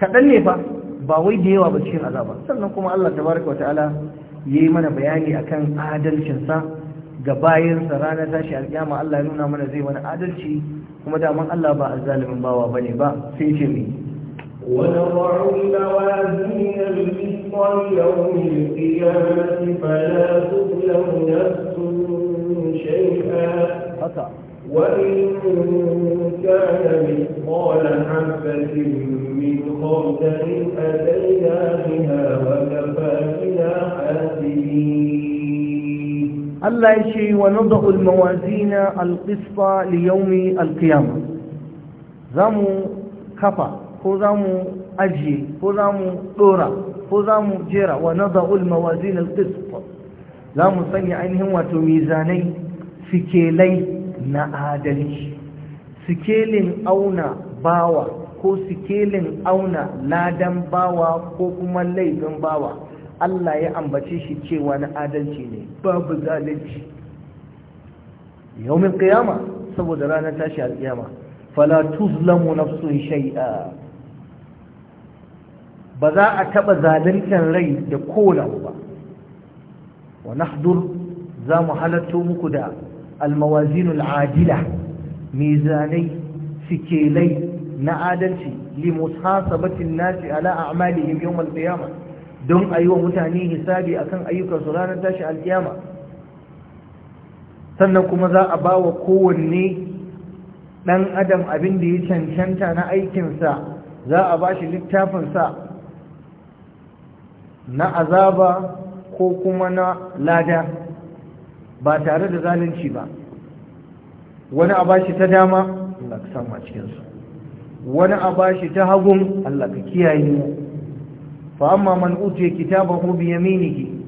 kaɗan ne fa ba wai da yawa ba cikin azaba sannan kuma Allah tabaraka wa ta'ala yi mana bayani akan adalcinsa ga bayansa ranar tashi alƙiyama Allah ya nuna mana zai wani adalci kuma daman Allah ba azzalimin bawa ne ba sai ce mi ونضع الموازين القسط ليوم القيامة فلا تظلم نفس شيئا ألا يشي ونضع الموازين القصة ليوم القيامة زمو كفا خزمو أجي خزمو دورا خزمو جرا ونضع الموازين القصة زمو سنعينهم وتميزاني سكيلين na adalci sikelin auna bawa ko sikelin auna ladan bawa ko kuma laifin bawa Allah ya ambace shi cewa na adalci ne babu zalunci yawmin kiyama saboda ranar tashi alkiyama fala tuzlamu nafsun shay'a ba za a taba zaluntar rai da kola ba wa nahdur za mu halatto muku da almawazinul adila mizanai sikelai na adalci li musasabatin nasi ala a'malihim yawm al-qiyamah don ayi wa mutane hisabi a kan ayyukansu ranar tashi al-qiyama sannan kuma za a bawa kowanne ɗan adam abin da ya cancanta na aikinsa sa za a bashi littafin sa na azaba ko kuma na lada ba tare da zalunci ba wani a bashi ta dama Allah ka samu a cikinsu wani a bashi ta hagun Allah ka kiyaye mu fa amma man utiya kitabahu bi yaminihi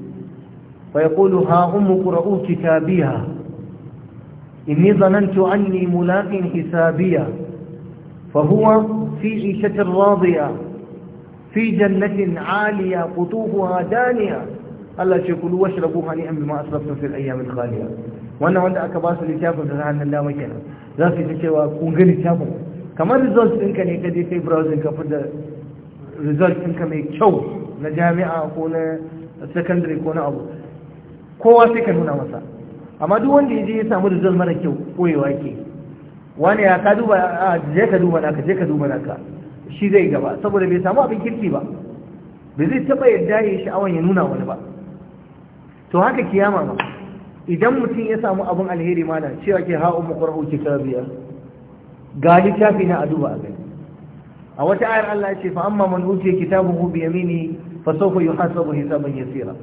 fa yaqulu ha ummu qra'u kitabiha inni dhanantu anni mulaqin hisabiya fa huwa fi 'ishatin radiya fi jannatin 'aliya qutufuha daniya Allah ce kulu washrabu hani'an bima asraftum fil ayyamil khaliya wannan wanda aka ba su littafin da hannun dama kenan za su yi cewa kun ga littafin kamar results ɗinka ne ka je kai browsing ka fita result ɗinka mai kyau na jami'a ko na secondary ko na abu kowa sai ka nuna masa amma duk wanda ya je ya samu result mara kyau koyewa ke wani ya ka duba a je ka duba naka je ka duba naka shi zai gaba saboda bai samu abin kirki ba bai zai taba yadda ya sha'awan ya nuna wani ba to haka kiyama ba idan mutum ya samu abin alheri mana cewa ke ha'u muqra'u kitabiya ga littafi na aduba a gani a wata ayar Allah ya ce fa amma man utiya kitabahu bi yamini fa sawfa yuhasabu hisaban yasira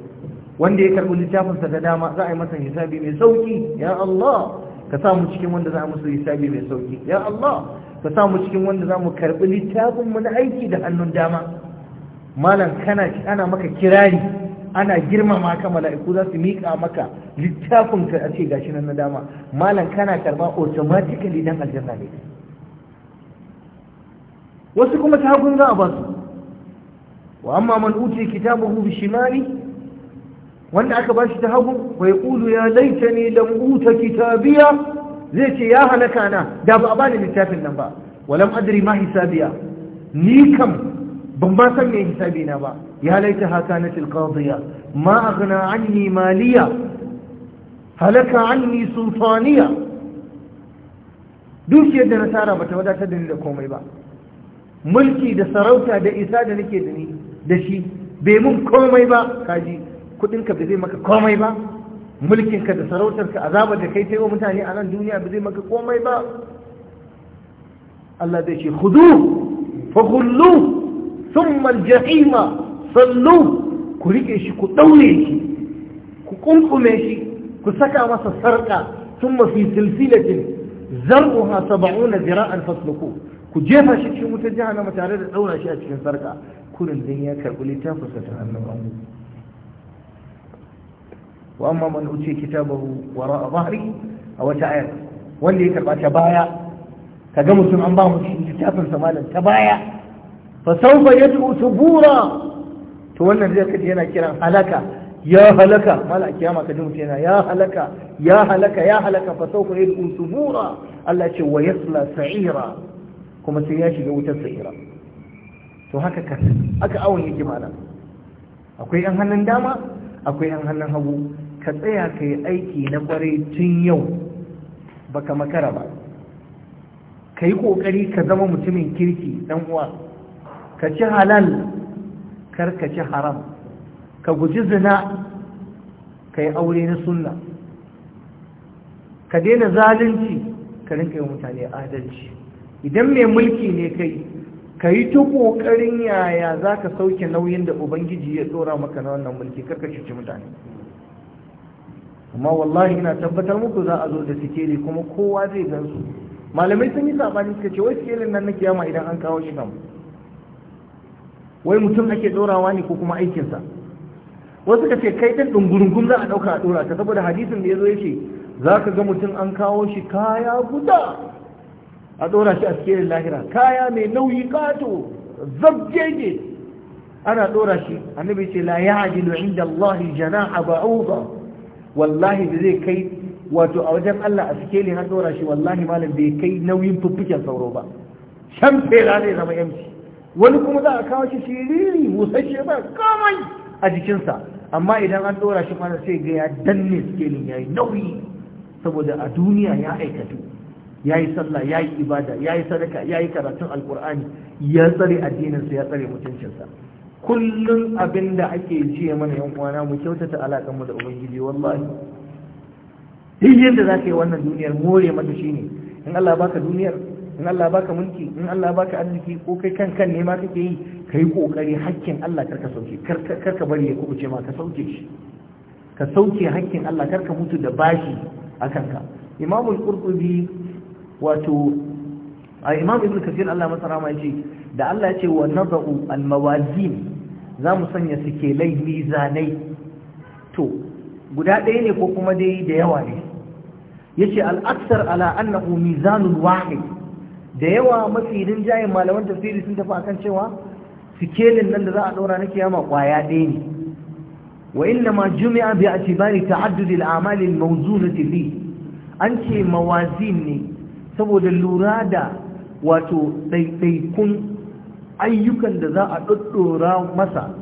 wanda ya karbi littafin sa da dama za a yi masa hisabi mai sauki ya Allah ka sa mu cikin wanda za mu su hisabi mai sauki ya Allah ka sa mu cikin wanda za mu karɓi littafin mu na aiki da hannun dama malam kana ana maka kirari ana girmama ka mala'iku za su miƙa maka littafin ka a ce gashi nan na dama malam kana karba automatically dan aljanna ne wasu kuma ta hagun za a ba su wa amma man uti kitabahu bi shimali wanda aka ba shi ta hagun wa yaqulu ya laitani lam uta kitabiya zai ce ya halaka na da ba a bani littafin nan ba walam adri ma hisabiya ni kam ban ba san me hisabi na ba ya laita haka na tilqadiya ma aghna anni maliya halaka anni sultaniya dukiyar da na tara bata wadatar da ni da komai ba mulki da sarauta da isa da nake da ni da shi bai mun komai ba kaji kudinka bai zai maka komai ba mulkinka da sarautarka azabar da kai taiwa mutane a nan duniya bai zai maka komai ba Allah zai ce hudu fa kullu sun marjahima sallu ku riƙe shi ku ɗaure shi ku ƙunƙume shi ku saka masa sarƙa sun mafi silsilatin zarɓu ha saba'u na zira'ar fasluku ku jefa shi cikin wutar jihar na tare da ɗaura shi a cikin sarƙa kurin zai ya karɓi littafin sa ta hannun an wa amma man uce kitabahu wa ra'a a wata ayar wanda ya karɓa ta baya ka ga mutum an ba mu shi malam ta baya fa sawfa yad'u subura to wannan zai kaji yana kiran halaka ya halaka mala kiyama ka ji mutum yana ya halaka ya halaka ya halaka fa sawfa yad'u Allah ce wa yasla sa'ira kuma sai ya shiga wutar sa'ira to haka ka aka awon yake mana akwai yan hannun dama akwai yan hannun hagu ka tsaya ka yi aiki na kwarai tun yau baka makara ba ka yi ƙoƙari ka zama mutumin kirki dan uwa ka ci halal kar ka ci haram ka guji zina ka yi aure na sunna ka daina zalunci ka rinka yi mutane adalci idan mai mulki ne kai ka yi ta ƙoƙarin yaya za ka sauke nauyin da ubangiji ya tsora maka na wannan mulki karka cuci mutane amma wallahi ina tabbatar muku za a zo da sikeli kuma kowa zai gansu malamai sun yi saɓani suka ce wai sikelin nan na kiyama idan an kawo shi mu wai mutum ake ɗorawa ne ko kuma aikinsa wasu ka ke kai ɗin ɗungurungun za a ɗauka a ɗora ta saboda hadisin da ya zo ya ce za ka ga mutum an kawo shi kaya guda a ɗora shi a cikin lahira kaya mai nauyi ƙato zabjeje ana ɗora shi annabi ce la ya ajilu inda a jana'a ba'uda wallahi da zai kai wato a wajen Allah a cikin na ɗora shi wallahi malam bai kai nauyin fuffuken sauro ba shan fela zai zama yamci wani kuma za a kawo shi shiriri musashe ba kamai a jikinsa amma idan an dora shi mana sai ga ya danne skelin ya yi nauyi saboda a duniya ya aikatu ya yi sallah ya yi ibada ya yi sadaka ya yi karatun alkur'ani ya tsare addininsa ya tsare mutuncinsa kullum abin da ake ce mana yan uwana mu kyautata mu da ubangiji wallahi duk yadda za ka yi wannan duniyar more mata shine in allah baka duniyar in Allah baka mulki in Allah baka arziki ko kai kan kan ne ma kake yi kai kokari hakkin Allah karka sauke karka bari ya kubuce ma ka sauke shi ka sauke hakkin Allah karka mutu da bashi akan ka Imam al-Qurtubi wato Imam Ibn Kathir Allah masara ma yace da Allah yace wa nadau al-mawazin mu sanya suke sikelai mizanai to guda ɗaya ne ko kuma dai da yawa ne yace al-aksar ala annahu mizanun wahid da yawa mafi rinjayen malaman tafsiri sun tafi akan cewa sikelin nan da za a ɗora na kiyama kwaya ɗaya ne wa inna ma jumi'a bi atibari ta'addudi al'amali al-mawzunati li an ce mawazin ne saboda lura da wato ɗaiɗaikun ayyukan da za a ɗaɗɗora masa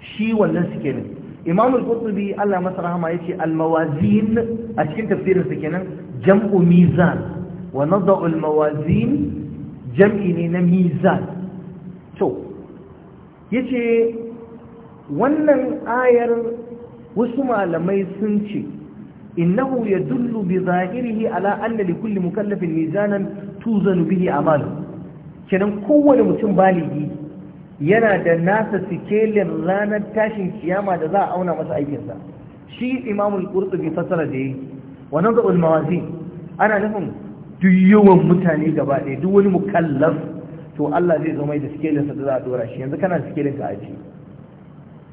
shi wannan sikelin imam al-qurtubi Allah masa rahama yace al-mawazin a cikin tafsirinsa kenan jam'u mizan wa nadau almawazin jam'i ne na mizan to yace wannan ayar wasu malamai sun ce innahu yadullu bi zahirihi ala anna li kulli mukallafin mizanan tuzanu bihi amalu kenan kowane mutum baligi yana da nasa sikelin ranar tashin kiyama da za a auna masa aikinsa shi imamul qurtubi fasara da yi wa nadau almawazin ana nufin duk yawan mutane gaba ɗaya duk wani mukallaf to Allah zai zama mai da sikelin sa da za a dora shi yanzu kana sikelin ka aji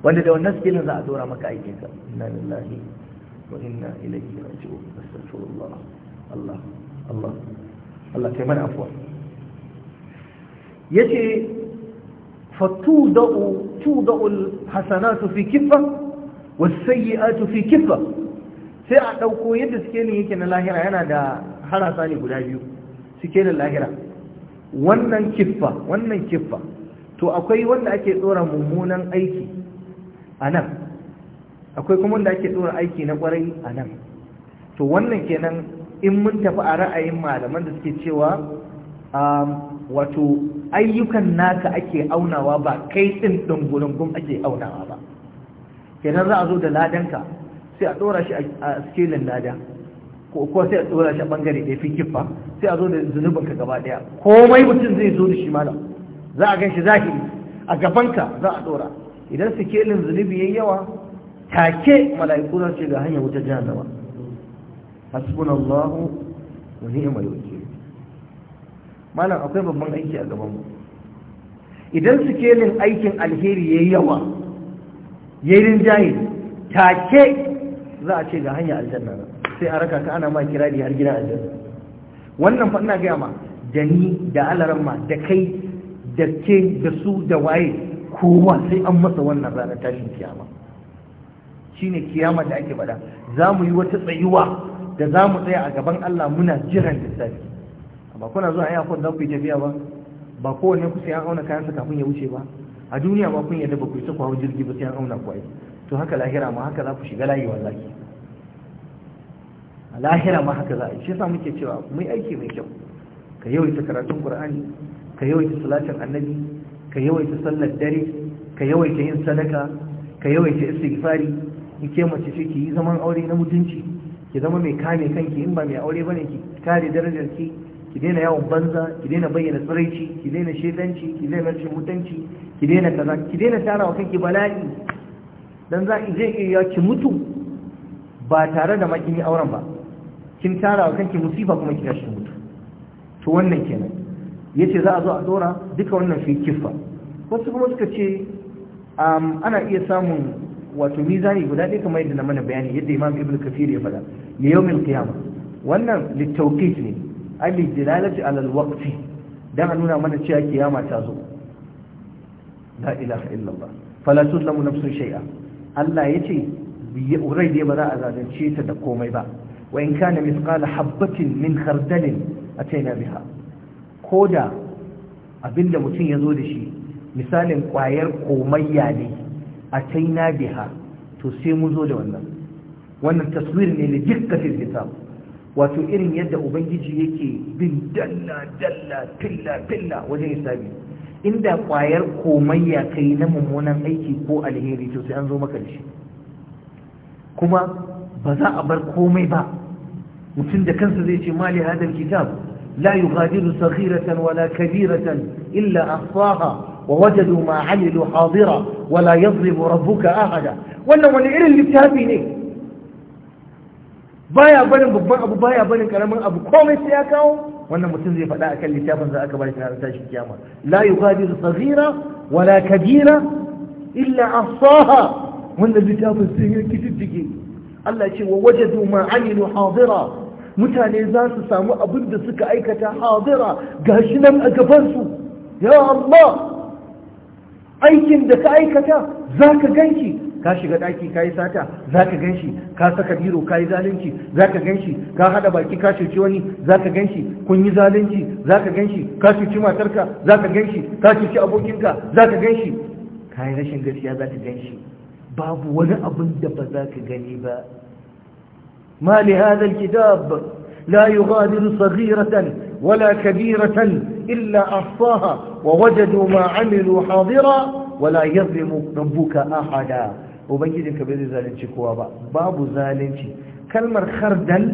wanda da wannan sikelin za a dora maka aikin ka inna lillahi wa inna ilaihi raji'un astaghfirullah Allah Allah Allah kai mana afwa yace فتوضع توضع الحسنات في كفة والسيئات في كفة sai a ɗauko yadda suke yake na lahira yana da harasa ne guda biyu suke da lahira wannan kiffa wannan kiffa to akwai wanda ake tsora mummunan aiki a nan akwai kuma wanda ake tsora aiki na kwarai a nan to wannan kenan in mun tafi a ra'ayin malaman da suke cewa um, wato ayyukan naka ake aunawa ba kai ɗin ɗungulungun ake aunawa ba kenan za a zo da ladanka sai a tsora shi a skelin lada ko sai a tsora shi a bangare da fi kiffa sai a zo da zunubin ka gaba ɗaya komai mutum zai zo da shi malam za a gan shi zahiri a gabanka za a tsora idan sikelin zunubi yayi yawa take mala'iku za ce ga hanyar wuta jahannama hasbunallahu wa ni'mal wakeel malam akwai babban aiki a gaban mu idan sikelin aikin alheri yayi yawa yayin jahili take za a ce ga hanyar aljanna sai a raka ka ana ma kirari har gina aljanna wannan fa ina gaya ma da ni da alaramma da kai da ke da su da waye kowa sai an masa wannan ranar tashin kiyama shine kiyama da ake faɗa za mu yi wata tsayuwa da za mu tsaya a gaban Allah muna jiran lissafi ba kuna zuwa ya kwan ku yi tafiya ba ba kowane ku sai an auna kayansa kafin ya wuce ba a duniya ba kun yadda ba ku yi kwawo jirgi ba sai an auna ku to haka lahira ma haka za ku shiga layi wallahi a lahira ma haka za a yi shi yasa muke cewa mu aiki mai kyau ka yawaita karatun qur'ani ka yawaita salatin annabi ka yawaita sallar dare ka yawaita yin sadaka ka yawaita istighfari ke mace ce ki yi zaman aure na mutunci ki zama mai kame kanki in ba mai aure bane ki kare darajar ki ki daina yawan banza ki daina bayyana tsiraici ki daina shedanci ki daina rashin mutunci ki daina kaza ki daina tara wa kanki bala'i dan za ki zai ki mutu ba tare da makini auren ba kin tara wa kanki musifa kuma kika shi mutu to wannan kenan yace za a zo a dora duka wannan fi kifa wasu kuma suka ce ana iya samun wato mizani guda ɗaya kamar yadda na mana bayani yadda imam ibn kafir ya faɗa li yawmil qiyama wannan litawqit ne ali dilalati ala alwaqti dan a nuna mana cewa kiyama ta zo la ilaha illallah fala tuzlamu nafsun shay'a Allah yace rai dai ba za a zalunce ta da komai ba wa in kana mithqala habatin min khardalin ataina biha koda abinda mutum yazo da shi misalin kwayar komayya ne ataina biha to sai mu zo da wannan wannan taswir ne ne jikkatil hisab wato irin yadda ubangiji yake bin dalla dalla filla filla wajen hisabi inda kwayar komayya kai na mummunan aiki ko alheri to sai an zo maka da shi kuma ba za a bar komai ba mutum da kansa zai ce mali hadal kitab la yughadiru saghiratan wala kabiratan illa ahsaha wa wajadu ma amilu hadira wala yadhlimu rabbuka ahada wannan wani irin littafi ne baya barin babban abu baya barin karamin abu komai sai ya kawo wannan mutum zai faɗa akan littafin za aka bari kana da tashin kiyama la yughadiru saghira wala kabira illa ahsaha wannan littafin sai ya kitiddige Allah ce wa wajadu ma amilu hadira mutane za su samu abin da suka aikata hadira gashi nan a gabansu ya Allah aikin da ka aikata za ka ganshi ka shiga ɗaki ka yi sata za ka ganshi ka saka biro ka yi zalunci za ka ganshi ka haɗa baki ka cuci wani za ka ganshi kun yi zalunci za ka ganshi ka cuci matarka za ka ganshi ka cuci abokinka za ka ganshi ka rashin gaskiya za ka ganshi babu wani abin da ba za ka gani ba ma li hadha alkitab la yughadiru saghiratan wala kabiratan illa ahsaha wa wajadu ma amilu hadira wala yadhlimu rabbuka ahada ka bai zai zalunci kowa ba babu zalunci kalmar khardal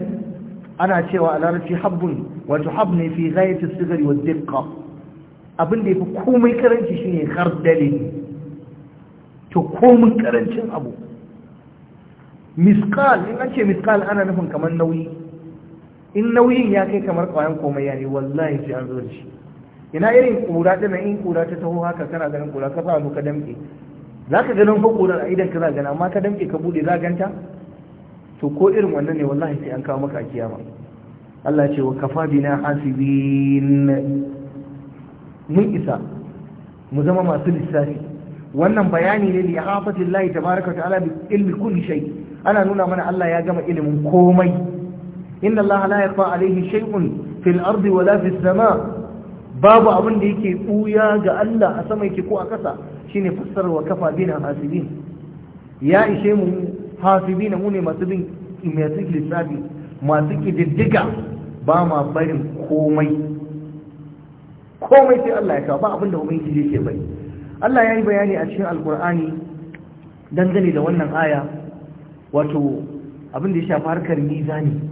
ana cewa a larabci habbun wato hab ne fi ghayati sigari wa diqqa abin da yafi komai karanci shine khardalin to komin karancin abu miskal in an ce miskal ana nufin kamar nauyi in nauyin ya kai kamar kwayan komai ya ne wallahi sai an zo da shi ina irin kura dana in kura ta taho haka kana ganin kura ka fara ka damke za ka ganin kura a idan ka za gana amma ka damke ka bude za ganta to ko irin wannan ne wallahi sai an kawo maka a kiyama Allah ce wa kafa bina hasibin mun isa mu zama masu lissafi wannan bayani ne li hafati Allah tabaraka wa ta'ala bi ilmi kulli shay ana nuna mana Allah ya gama ilimin komai inna Allah la yakhfa alayhi shay'un fil ardi wala fis sama' babu abin da yake ɓuya ga Allah a sama yake ko a ƙasa shine fassar wa kafa bina hasibin ya ishe mu hasibina mu ne masu bin masu lissafi masu kididdiga ba ma barin komai komai sai Allah ya kawo ba abin da ubangiji yake bai Allah ya yi bayani a cikin alkur'ani dangane da wannan aya wato abin da ya shafi harkar mizani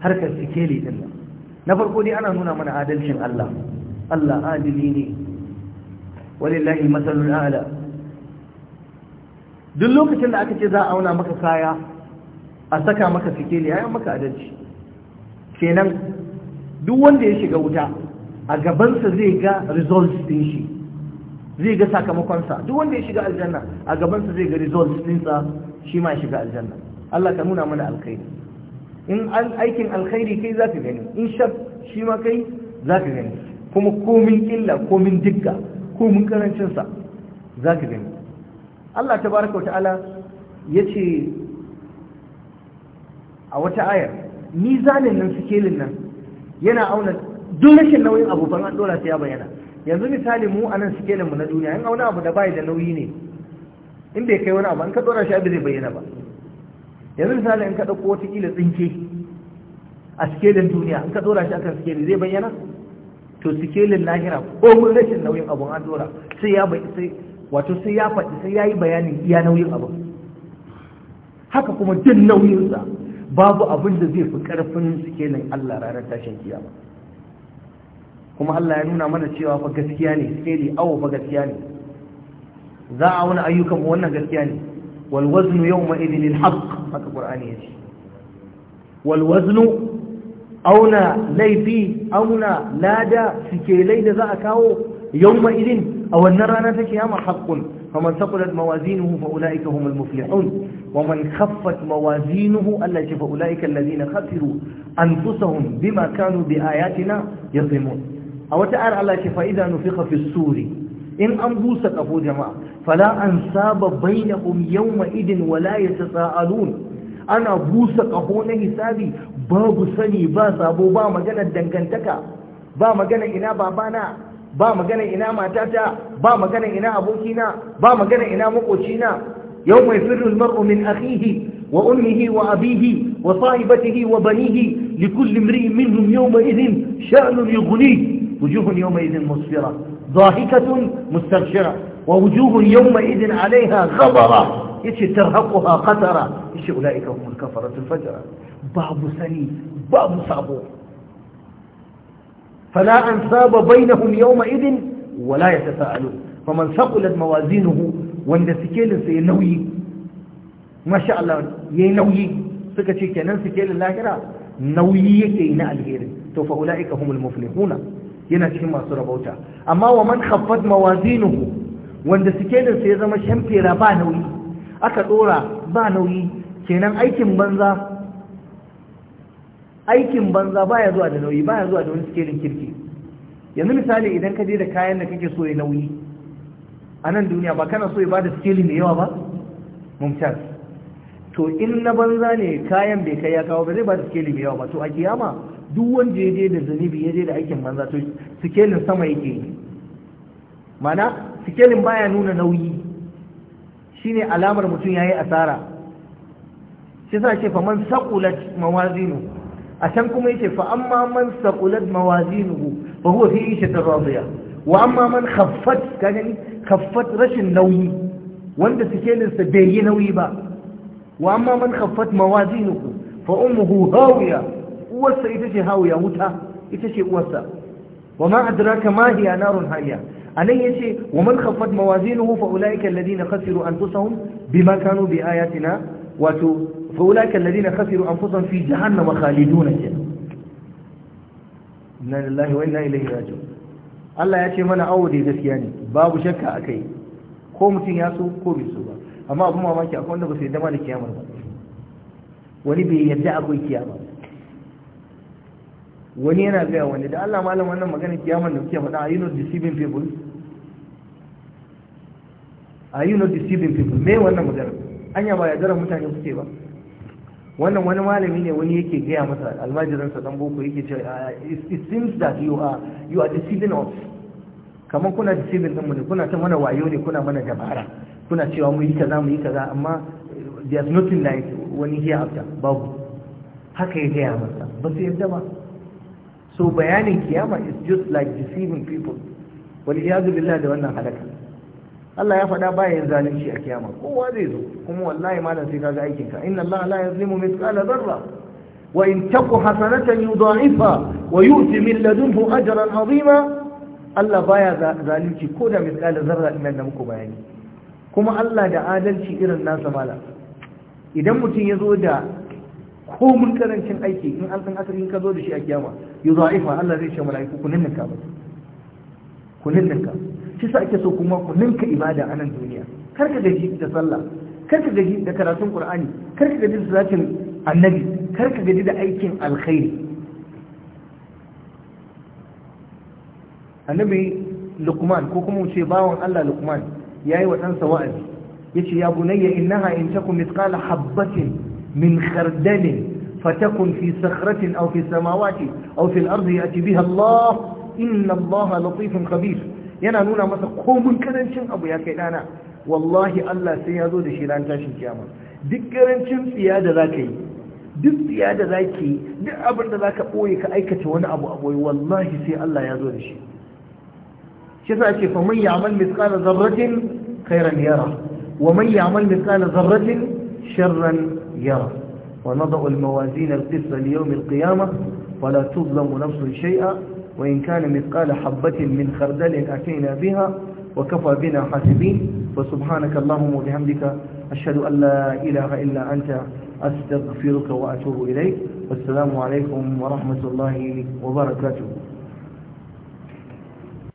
harkar sikeli din nan na farko dai ana nuna mana adalcin Allah Allah adili ne walillahi masalul a'la duk lokacin da aka ce za a auna maka kaya a saka maka sikeli ayan maka adalci kenan duk wanda ya shiga wuta a gabansa zai ga results din shi zai ga sakamakonsa duk wanda ya shiga aljanna a gabansa zai ga results ɗinsa shi ma ya shiga aljanna Allah ka nuna mana alkhairi in an aikin alkhairi kai za ka gani in shaf shi ma kai za ka gani kuma komin illa komin digga komin karancinsa za ka gani Allah ta baraka ta'ala ya ce a wata ayar ni zanen nan sikelin nan yana auna duk rashin nauyin abubuwan an dora ta ya bayyana yanzu misali mu anan sikelin mu na duniya in auna abu da bai da nauyi ne in bai kai wani abu in ka dora shi abu zai bayyana ba yanzu misali in ka dauko wata kila tsinke a sikelin duniya in ka dora shi akan sikelin zai bayyana to sikelin lahira ko mun rashin nauyin abun an dora sai ya bai sai wato sai ya faɗi sai yayi bayanin iya nauyin abu haka kuma duk nauyinsa babu abin da zai fi karfin sikelin Allah ranar tashin kiyama kuma Allah ya nuna mana cewa fa gaskiya ne sai awo fa gaskiya ne za a wani ayyukan wannan gaskiya ne wal waznu yawma idin al haqq haka qur'ani yace wal waznu auna laifi auna lada sikelai da za a kawo yawma idin a wannan rana ta kiyama haqqun faman saqulat mawazinuhu fa ulaika humul muflihun ومن خفت موازينه التي فأولئك الذين خسروا أنفسهم بما كانوا بآياتنا يظلمون a wata ayar Allah ce fa'ida nufiqa fi suri in an busa kafo jama'a fala an saba bainahum yawma idin wala yatasaalun ana busa kafo na hisabi babu sani ba sabo ba magana dangantaka ba magana ina babana ba magana ina matata ba magana ina abokina ba magana ina makocina yawma yafirru al-mar'u min akhihi وأمه وأبيه وصاحبته وبنيه لكل امرئ منهم يومئذ شأن يغنيه وجوه يومئذ مسفرة ضاحكة مستبشرة ووجوه يومئذ عليها غضرة ايش ترهقها قترة ايش أولئك هم الكفرة الفجرة باب سني باب صابو فلا أنساب بينهم يومئذ ولا يتساءلون فمن ثقلت موازينه وان سكيل سينوي masha Allah yi nauyi suka ce kenan su kelin lahira nauyi yake yi na alheri to fa ulaika humul muflihuna yana cikin masu rabauta amma wa man khaffat mawazinuhu wanda sikelin sa ya zama shamfera ba nauyi aka dora ba nauyi kenan aikin banza aikin banza baya zuwa da nauyi baya zuwa da wani sikelin kirki yanzu misali idan ka je da kayan da kake so ya nauyi a nan duniya ba kana so ya bada sikelin da yawa ba mumtaz to in na banza ne kayan bai kai ya kawo ba zai ba da sikeli mai yawa ba to a kiyama duk wanda ya je da zunubi ya je da aikin banza to sikelin sama yake yi mana sikelin baya nuna nauyi shine alamar mutum ya yi asara shi sa ce fa man mawazinu a can kuma yake fa amma man saqulat mawazinuhu fa huwa fi ishatin radiya wa amma man khaffat kaga ni khaffat rashin nauyi wanda sikelinsa bai yi nauyi ba wa amma man khaffat mawazinuhu fa ummuhu hawiya uwarsa ita ce hawiya wuta ita ce uwarsa wa ma adraka ma hiya narun hariya anan yace wa man khaffat mawazinuhu fa ulaika alladhina khasiru anfusahum bima kanu bi ayatina wato fa ulaika alladhina khasiru anfusahum fi jahannama khaliduna inna lillahi wa inna ilaihi raji'un Allah ya ce mana aure gaskiya ne babu shakka akai ko mutum ya so ko bai so ba amma abin mamaki akwai wanda ba su yadda ma da kiyamar ba wani bai yadda akwai kiyama wani yana gaya wani da Allah malam wannan maganin kiyamar da kuke faɗa are you not deceiving people are you not deceiving people me wannan magana anya ba yadda mutane kuke ba wannan wani malami ne wani yake gaya masa almajiransa dan boko yake ce ah, it seems that you are you are deceiving us kamar kuna deceiving din mu ne kuna ta mana wayo ne kuna mana dabara kuna cewa mu yi kaza mu yi kaza amma there's nothing like wani hereafter babu haka ya gaya masa ba su yadda ba so bayanin kiyama is just like deceiving people wal iyadu billah da wannan halaka Allah ya faɗa bayan zalunci a kiyama kowa zai zo kuma wallahi malam sai kaga aikin ka inna Allah la yuzlimu mithqala dharra wa in taku hasanatan yudha'ifa wa yu'ti min ladunhu ajran 'azima Allah baya zalunci ko da mithqala zarra din nan muku bayani kuma Allah da adalci irin nasa mala idan mutum ya zo da komun karancin aiki in an san asalin ka zo da shi a kiyama yi za'ifa Allah zai ce mala'iku ku ninninka ba ku ninninka shi sa ake so kuma ku ninka ibada a nan duniya kar ka gaji da sallah kar ka gaji da karatun qur'ani kar ka gaji da salatin annabi kar ka gaji da aikin alkhairi annabi luqman ko kuma mu ce bawan Allah luqman yayi wa ɗansa wa'azi yace ya bunayya innaha in takum mithqala habatin min khardalin fatakun fi sakhratin aw fi samawati aw fi al-ardi yati biha Allah inna Allah latifun khabir yana nuna masa komun karancin abu ya kai dana wallahi Allah sai ya zo da shi ran tashin kiyama duk karancin tsiya da zaka yi duk tsiya da zaka yi duk abin da zaka boye ka aikata wani abu a wallahi sai Allah ya zo da shi شفاء شفاء من يعمل مثقال ذرة خيرا يرى ومن يعمل مثقال ذرة شرا يرى ونضع الموازين القسط ليوم القيامة ولا تظلم نفس شيئا وإن كان مثقال حبة من خردل أتينا بها وكفى بنا حاسبين فسبحانك اللهم وبحمدك أشهد أن لا إله إلا أنت أستغفرك وأتوب إليك والسلام عليكم ورحمة الله وبركاته